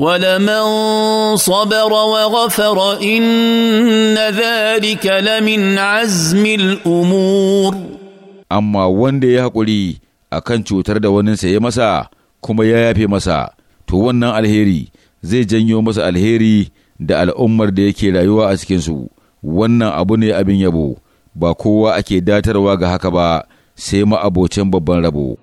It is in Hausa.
ولمن صبر وغفر إن ذلك لمن عزم الأمور أما wanda ya haƙuri akan cutar da waninsa ya masa kuma ya yafe masa to wannan alheri zai janyo masa alheri da al'ummar da yake rayuwa a cikinsu wannan abu ne abin yabo ba kowa ake datarwa ga haka ba sai ma abocin babban rabo